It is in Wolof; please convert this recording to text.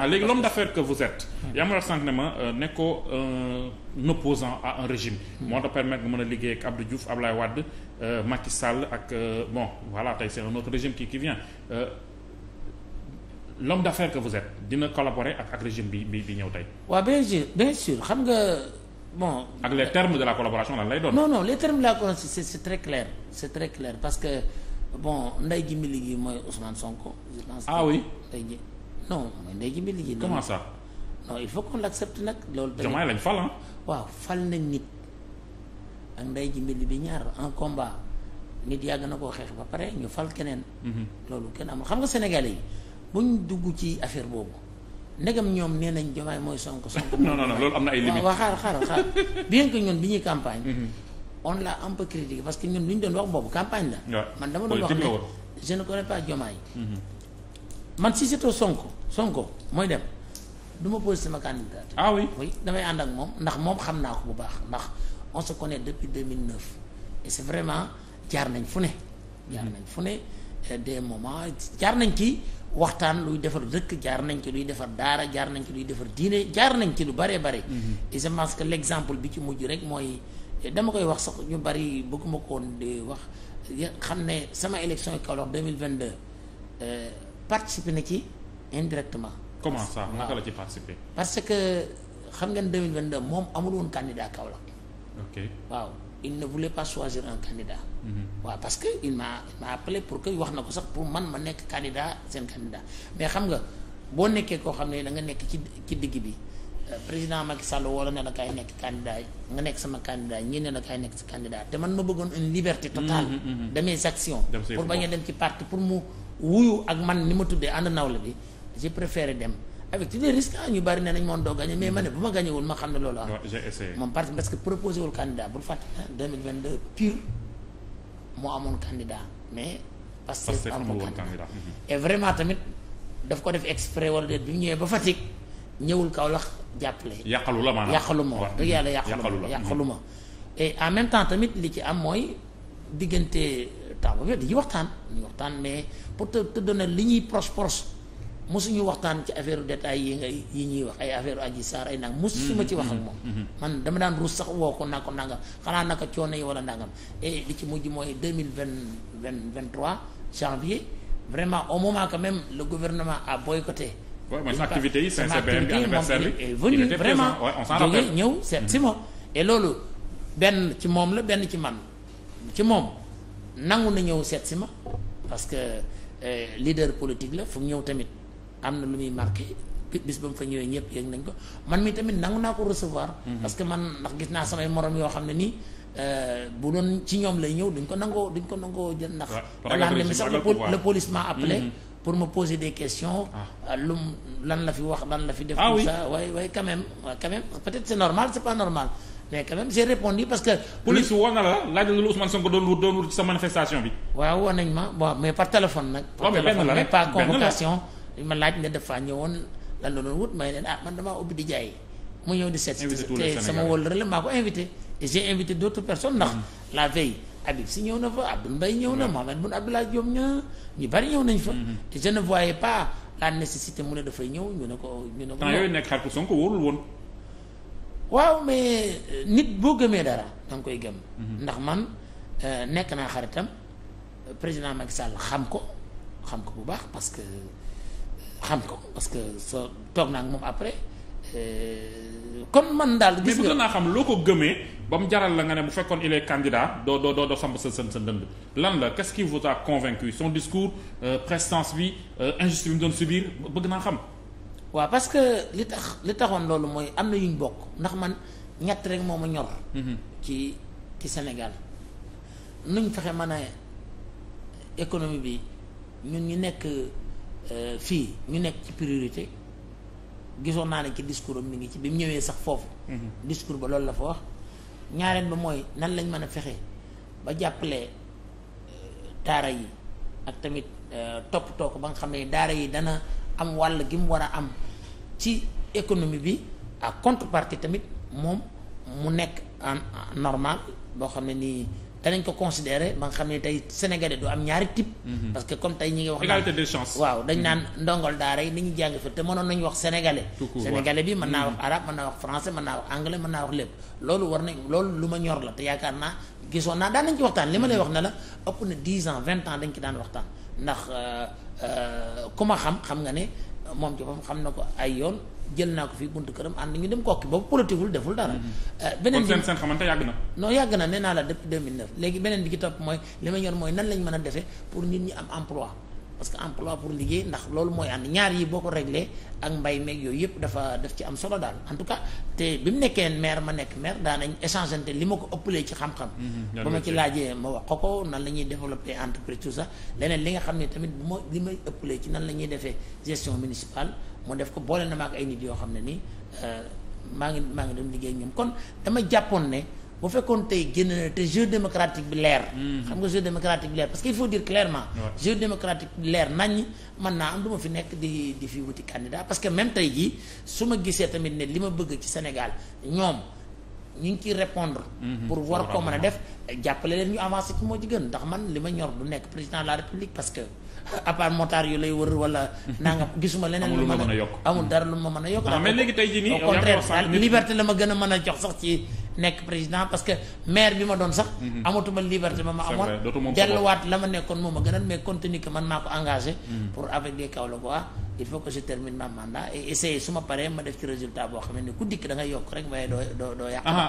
ah léegi l'homme d'affaires que vous êtes. yaa ma wax sànq ne ma euh, nekkoo euh, un opposant un régime. moo tax permettre nga mën a liggéey ak Abdou Diouf Ablaye Wade euh, Macky Sall ak bon voilà tey c'est un autre régime qui qui vient l'homme d'affaires que vous êtes dina collabore ak ak régime bi bi bi ñëw tey. waa bien sûr bien sûr xam nga bon. ak les termes de la collaboration lan lay doon. non non les termes de la collaboration c'est c'est très clair c'est très clair parce que bon nday ji mi liggéey mooy Ousmane non mooy ndey ji mbir liggéey. comment ça non il faut qu'on nag. loolu tamit jamaay lañ fal waaw fal nañ nit ak ndey ji mbir bi ñaar en combat nit yàgg na ko xeex ba pare ñu fal keneen. Mhm. loolu kenn amul xam nga sénégalais yi ñu dugg ci affaire boobu. ndegam ñoom nee nañ jomaay mooy sonk sonk. non non non loolu am na ay limites waaw xaaral xaaral xaaral bien que ñun bi ñuy campagne. Mhm. on l'a un peu critiqué parce que ñun li ñu doon wax boobu campagne la. man dama doon wax ne je ne pas jomaay. Mhm. man si surtout Sonko Sonko mooy dem du ma posé sama candidature. ah oui oui damay ànd ak moom ndax moom xam naa ko bu baax ndax on se deux depuis 2009 et c'est vraiment jaar nañ fu ne. jaar nañ fu ne euh, des moments jaar nañ ci waxtaan luy defar dëkk jaar nañ ci luy defar daara jaar nañ ci luy defar diine jaar nañ ci lu bare bare. Mhm. et je pense que l'exemple bi ci mujj rek mooy dama koy wax sax ñu bari bëgguma ko woon wax xam ne sama élection yi Kaolack 2022. participer na ci indirectement. comment ça naka la ci participer. parce que xam ngeen 2022 moom amul woon candidat Kaolack. ok waaw il ne voulait pas choisir un candidat. Mm-hmm. waaw parce que il m'a il pour que wax na ko sax pour man ma nekk candidat seen candidat mais xam nga boo nekkee koo xam ne da nga nekk ci ci digg bi. Euh, président Macky Sall wala ne la kaay nekk candidat nga nekk sama candidat ñii ne la kay nekk sa candidat te man ma bëggoon une liberté totale mm-hmm, mm-hmm. a dem wuyu ak man ni ma tuddee ànd nawle bi j'ai préféré dem avec tous les risques ah, ñu bari ne nañ moon doo gagné mais ma ne bu ma gagné wul ma xam ne loolu am moom parti parce que proposé wul candidat bul fàtte deux mille vingt deux pur moo amoon candidat mais Pastef amoon candidat mhm. et vraiment tamit daf ko def exprès a déet bi ñëwee ba Fatick ñëwul Kaolack jàppale yàqalu la maanaam yàqalu ma wax dëgg yàlla yàqalu ma mhm. yàqalu ma en même temps tamit li ci am mooy diggante temps boobu dañuy waxtaan dañuy waxtaan mais pour te li ñuy proche proche suñu waxtaan ci affaire détail yi nga yi ñuy wax ay affaire Adji Sarr ay nag mosuma ci wax ak mm-hmm. moom mm-hmm. man dama daan ruus sax woo ko naa ko nangam xanaa naka coono yi wala nangam et li ci mujj mooy deux mille vingt vingt vingt trois janvier vraiment au moment quand même le gouvernement a boycotté waaw mooy sa activité yi CNCBM bi anniversaire bi est venu vraiment jóge mm-hmm. loolu benn ci moom la benn ci man ci moom nangu na ñëw seet si ma parce que euh, leader politique la fu mu ñëw tamit am na lu muy marqué bis ba mu fa ñëwee ñëpp yëg nañ ko man mi tamit nangu naa ko recevoir. Mhm. parce que man ndax gis naa samay morom yoo xam ne nii euh, bu doon ci ñoom lay ñëw duñ ko nangoo duñ ko nangoo jël ndax. waaw ne mi sax le polisement m'a appelé. Mhm. pour ma poser des questions. Ah. Euh, lu lan la fi wax lan la fi def. ah ça waaye waaye quand même quand même peut c'est normal c'est pas normal. mais quand même j'ai répondu parce que. police woo na la laaj na lu Ousmane Sonko doon wut doon wut sa manifestation bi. waaw woo nañ ma bon laaj ne dafa ñëwoon lan la doon wut may leen ah man damaa ubbi di jaay mu ñëw di seet. te sama wóllare la maa ko invité. et j'ai invité d'autres personnes ndax mm. la veille. Habib si ñëw na fa Abdoul Mbaye ñëw na mm. Mohamed Boun Abdallah Diome ña ñu bari ñëw nañ fa. Mm-hmm. je ne voyais pas la nécessité mu ne dafay ñëw ñu ne ko ñu ne ko. temps yooyu nekk xaritu waaw mais euh, nit boo gëmee dara da nga koy gëm. Mhm. ndax man euh, nekk naa xaritam président Macky Sall xam ko xam ko bu baax parce que euh, xam ko parce que soo toog naa ak moom après kon man daal. gis nga mais xam loo ko gëmee ba mu jaral la nga ne bu fekkoon il est candidat doo doo doo samp sa sa sa ndënd lan la qu'est-ce qui vous a convaincu son discours prestance bi injustice bi mu doon biir bëgg naa xam. waaw parce que li tax li taxoon loolu mooy am na yuñ bokk ndax man ñett rek moo ma ñor. Mhm. ci ci Sénégal nuñ fexe mën a économie bi ñun ñu nekk euh, fii ñu nekk ci priorité gisoon naa ne ci discours am mi ngi ci bi mu ñëwee sax foofu. Mhm. discours ba loolu la fa wax ñaareel ba mooy nan lañ mën a fexe ba jàppale euh, daara yi ak tamit euh, toppatoo ko ba nga xam ne daara yi dana. am wàll gi mu war a am ci économie bi à contrepartie tamit moom mu nekk en normal boo xam ne nii danañ ko considérer ba nga xam ne tey sénégalais du am ñaari type mhm. parce que comme tey ñi ngi wax égalité des dañ mhm. naan ndongol daara yi ñu jàng fi te mënoon nañu wax sénégalais sénégalais bi mën naa wax loolu war nañ loolu lu ma ñor la te yaakaar naa gisoon naa daan nañ ci waxtaan li ma lay mhm. wax ne la ëpp na dix ans vingt ans dañ ci daan waxtaan ndax euh, euh, ku ma xam xam nga ne moom ci boppam xam na ko ay yoon jël naa ko fii buntu këram ànd ñu dem kokki boobu politiqueul deful dara. Mm-hmm. Euh, beneen bi kon seen seen xamante yàgg na. non yàgg na nee naa la depuis 2009 léegi beneen bi ci topp mooy li ma ñor mooy nan lañ mën a defee pour nit ñi am emploi. parce que emploi pour liggéey ndax loolu mooy ànd ñaar yi boo ko réglé ak mbay meeg yooyu yëpp dafa daf ci am solo daal en tout cas te bi mu nekkee maire ma nekk maire daanañ échange ante li ma ko ëppalee ci xam-xam mm-hmm. ba ma ci laajee ma wax ko ko nan la ñuy développer entreprise tout ça leneen li nga xam ne tamit bu ma li may ëpplee ci nan la ñuy defee gestion municipale mu def ko boole na ma ak ay nit yoo xam ne nii euh, maa ngi maa ngi doon liggéey ñoom kon dama jàppoon ne bu fekkoon tey génn na te jeu démocratique bi leer. Mhm. xam nga jeu démocratique bi leer parce que il faut dire clairement. jeu démocratique bi leer nañ man naa am du ma fi nekk di di fi wuti candidat parce que même tey jii su ma gisee tamit ne li ma bëgg ci Sénégal ñoom ñu ngi ciy répondre mhm. pour war koo mën a def jàppale leen ñu avancer ci moo ci gën man li ma ñor du nekk président de la république parce que à part motard yu lay wër wala nangam gisuma leneen lu ma mën a yokk amul dara lu ma mën a yokk mais léegi tey jii nii au contraire liberté la ma gën a mën a jox sax ci nekk président parce que maire bi ma doon sax. Mhm. amatuma liberté ba ma amoon. delluwaat la ma nekkoon moom a gënal mais compte tenu que man maa ko engagé. Mhm. pour avec des Kaolackois il faut que je termine ma mandat et essayer su ma paree ma def ci résultat boo xam ne ku dikk da ngay yokk rek waaye doo doo doo yàq.